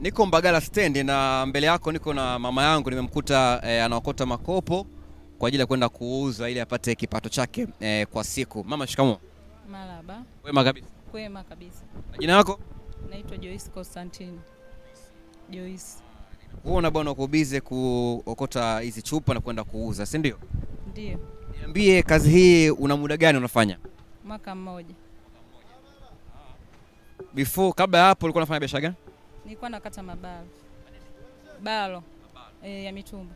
Niko Mbagala stendi na mbele yako niko na mama yangu, nimemkuta eh, anaokota makopo kwa ajili ya kwenda kuuza ili apate kipato chake eh, kwa siku. Mama, shikamoo. Malaba. Kwema kabisa. Kwema kabisa. Jina lako? Naitwa Joyce Constantine. Joyce. Unaona bwana, uko busy kuokota hizi chupa na kwenda kuuza, si ndio? Ndio. Niambie, kazi hii una muda gani unafanya? Mwaka mmoja. Before kabla ya hapo ulikuwa unafanya biashara gani? Nilikuwa nakata mabalo balo e, ya mitumba.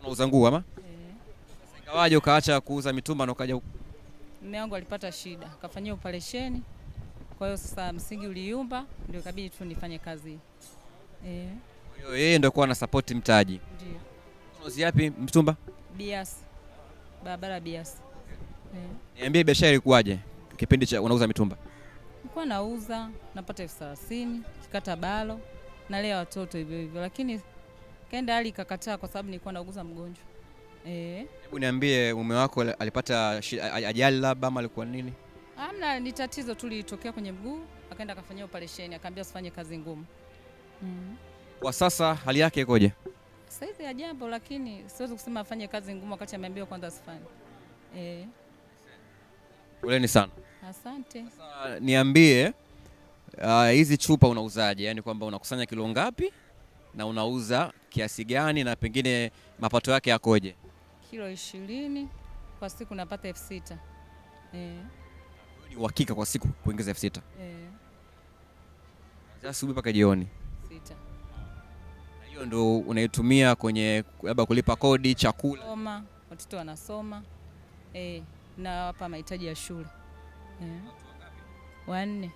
Unauza nguo ama? E. ingawaje ukaacha kuuza mitumba na ukaja Mume wangu alipata shida, akafanyia operesheni, kwa hiyo sasa msingi uliumba, ndio ikabidi tu nifanye kazi e. Kwa hiyo yeye ndio na ana support mtaji. Ndio. Unauzi yapi mtumba? Bias, barabara Bias. Niambie biashara ilikuwaje kipindi cha unauza mitumba? nilikuwa nauza napata elfu thelathini kikata balo nalea watoto hivyo hivyo, lakini kaenda hali ikakataa kwa sababu nilikuwa nauguza mgonjwa. Eh, hebu niambie mume wako alipata ajali labda ama alikuwa nini? Amna, ni tatizo tu lilitokea kwenye mguu, akaenda akafanyia operesheni, akaambia asifanye kazi ngumu. Mm. Kwa sasa hali yake ikoje? Saizi ya jambo, lakini siwezi kusema afanye kazi ngumu wakati ameambiwa kwanza asifanye. Eh. Poleni sana. Asante. Sasa niambie ah, hizi uh, chupa unauzaje? Yaani kwamba unakusanya kilo ngapi na unauza kiasi gani na pengine mapato yake yakoje? Kilo ishirini kwa siku napata elfu sita. Eh. Ni uhakika kwa siku kuingiza elfu sita. Eh. Asubuhi mpaka jioni. Sita. Na hiyo ndio unaitumia kwenye labda kulipa kodi, chakula. Soma, watoto wanasoma. Eh na wapa mahitaji ya shule yeah. Wanne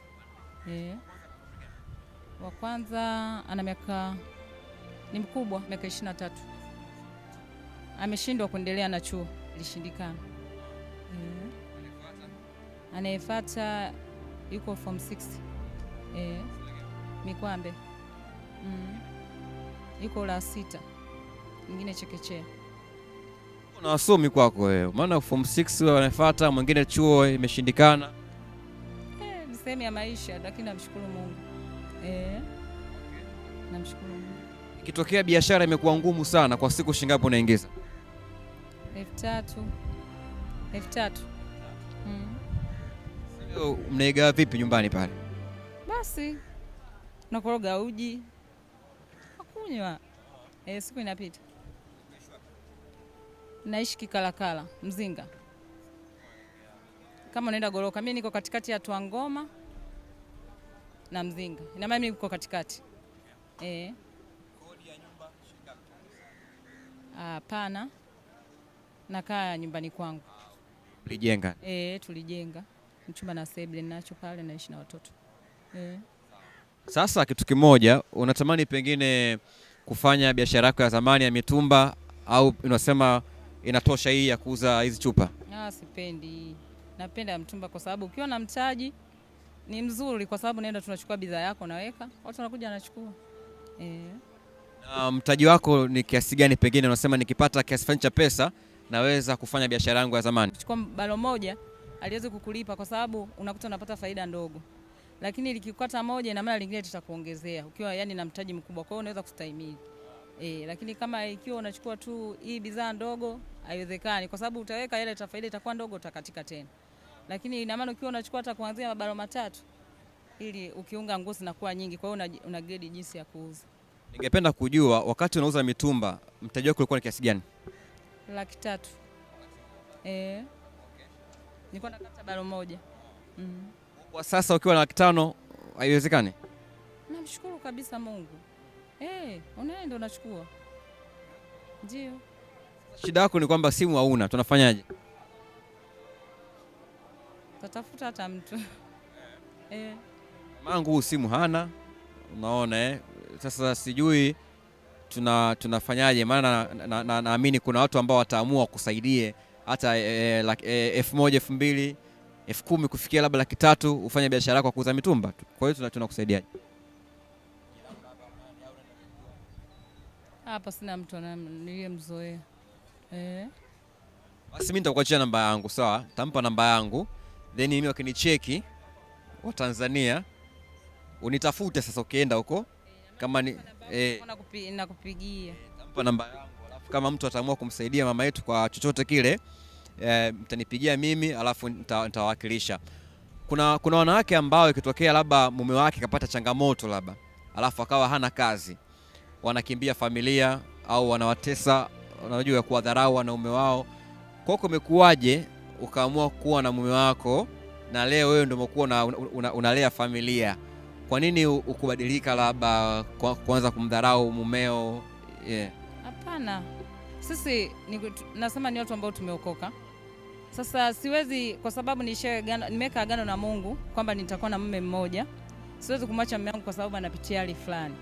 yeah. Wa kwanza ana miaka ni mkubwa, miaka ishirini na tatu. Ameshindwa kuendelea na chuo, ilishindikana yeah. Anayefuata yuko form 6 yeah. Mikwambe mm. Yuko la sita, mwingine chekechea na wasomi kwako wewe, maana form 6 wewe wanafuata, mwingine chuo imeshindikana. Eh, ni sehemu ya maisha, lakini namshukuru Mungu. Eh, namshukuru Mungu. Ikitokea biashara imekuwa ngumu sana, kwa siku shilingi ngapi unaingiza? elfu tatu elfu tatu mm. Sio? mnaigawa vipi nyumbani pale? Basi nakoroga uji nakunywa, eh, siku inapita naishi Kikalakala Mzinga. Kama unaenda Goroka, mimi niko katikati ya Twangoma na Mzinga, ina maana mimi niko katikati eh. Hapana, nakaa nyumbani kwangu. Tulijenga e, tulijenga mchumba na sebule nacho pale, naishi na watoto e. Sasa kitu kimoja, unatamani pengine kufanya biashara yako ya zamani ya mitumba, au unasema inatosha hii ya kuuza hizi chupa? Ah, sipendi. Napenda mtumba kwa sababu ukiwa na mtaji ni mzuri kwa sababu naenda tunachukua bidhaa yako naweka, watu wanakuja wanachukua. Eh. Na mtaji wako ni kiasi gani? Pengine unasema nikipata kiasi fulani cha pesa naweza kufanya biashara yangu ya zamani. Chukua balo moja aliwezi kukulipa kwa sababu unakuta unapata faida ndogo, lakini likikata moja, ina maana lingine tutakuongezea ukiwa yani na mtaji mkubwa, kwa hiyo unaweza kustahimili. E, lakini kama ikiwa unachukua tu hii bidhaa ndogo haiwezekani, kwa sababu utaweka ile tafaida itakuwa ndogo, utakatika tena. Lakini ina maana ukiwa unachukua hata kuanzia mabalo matatu, ili ukiunga nguo zinakuwa nyingi, kwa hiyo una gredi jinsi ya kuuza. Ningependa kujua wakati unauza mitumba mtaji wako ulikuwa ni kiasi gani? Laki tatu. Eh. Nilikuwa nakata balo moja. Mm. Kwa sasa ukiwa na laki tano haiwezekani? Namshukuru kabisa Mungu. Hey, eh, unaenda unachukua. Ndio. Shida yako ni kwamba simu hauna, tunafanyaje? Tatafuta hata mtu. Eh. Mangu simu hana, unaona eh. Sasa sijui tuna tunafanyaje, maana naamini na, na, kuna watu ambao wataamua kusaidie hata eh, eh, elfu moja elfu mbili elfu kumi kufikia labda laki tatu ufanye biashara yako kwa kuuza mitumba tu. Kwa hiyo tunakusaidiaje? Hapa sina mtu mzoe. eh. Basi mimi nitakuachia namba yangu sawa, tampa namba yangu then mimi wakinicheki wa Tanzania unitafute sasa, ukienda huko eh, kama ni eh, nakupigia eh, tampa namba yangu, alafu kama mtu ataamua kumsaidia mama yetu kwa chochote kile eh, mtanipigia mimi, alafu nitawakilisha. Kuna, kuna wanawake ambao ikitokea labda mume wake kapata changamoto labda alafu akawa hana kazi wanakimbia familia au wanawatesa, wanajua ya kuwadharau wanaume wao. Kwako umekuwaje ukaamua kuwa na mume wako na leo wewe ndio umekuwa una, una, unalea familia? Kwa nini ukubadilika labda kuanza kumdharau mumeo? Hapana, yeah. Sisi ni, nasema ni watu ambao tumeokoka. Sasa siwezi kwa sababu nimeweka agano na Mungu kwamba nitakuwa na mume mmoja, siwezi kumwacha mume wangu kwa sababu anapitia hali fulani.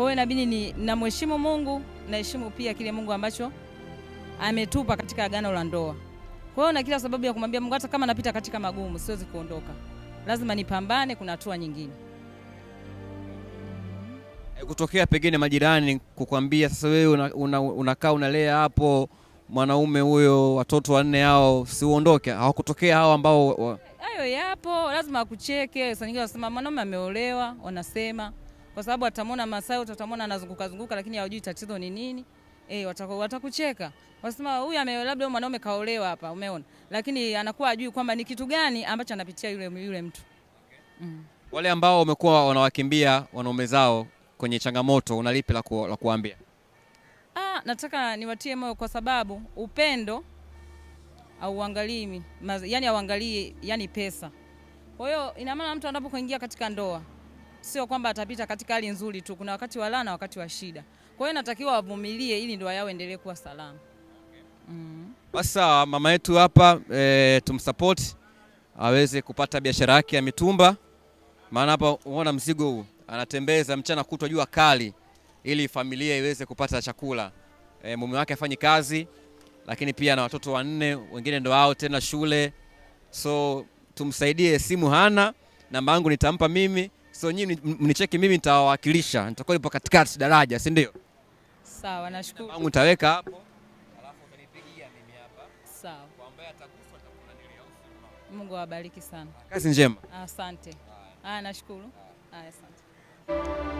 Kwa hiyo inabidi ni namheshimu Mungu, naheshimu pia kile Mungu ambacho ametupa katika agano la ndoa. Kwa hiyo na kila sababu ya kumwambia Mungu, hata kama napita katika magumu, siwezi kuondoka, lazima nipambane, kuna hatua nyingine. Eh, kutokea pengine majirani kukwambia sasa, wewe unakaa una, una, unalea hapo mwanaume huyo watoto wanne hao, si uondoke? Hawakutokea hao ambao hayo yapo, lazima akucheke. Sasa nyingine wanasema mwanaume ameolewa, wanasema kwa sababu atamwona Masai, utamwona anazunguka zunguka, lakini hawajui tatizo ni nini. Eh, watakucheka wasema, huyu ame labda mwanaume kaolewa hapa, umeona, lakini anakuwa ajui kwamba ni kitu gani ambacho anapitia yule, yule mtu mm. Wale ambao wamekuwa wanawakimbia wanaume zao kwenye changamoto, una lipi la ku, la kuambia? Ah, nataka niwatie moyo kwa sababu upendo auangalii, yani auangalii yani pesa. Kwa hiyo ina maana mtu anapokuingia katika ndoa sio kwamba atapita katika hali nzuri tu, kuna wakati wa raha na wakati wa shida. Kwa hiyo natakiwa wavumilie ili ndoa yao endelee kuwa salama. Mm. mama yetu hapa e, tumsupport aweze kupata biashara yake ya mitumba, maana hapa unaona mzigo huu anatembeza mchana kutwa jua kali, ili familia iweze kupata chakula e, mume wake afanye kazi, lakini pia na watoto wanne wengine ndo wao tena shule, so tumsaidie. Simu hana, namba yangu nitampa mimi so nyinyi mnicheki mimi, nitawawakilisha nitakuwa ipo katikati daraja, si ndio? Sawa, nashukuru. Wangu nitaweka hapo, alafu utanipigia mimi hapa. Sawa. Kwa ambaye ataguswa nitakuwa nilio. Mungu awabariki sana. Kazi njema. Asante. Ah, nashukuru. Ah, asante. Ah,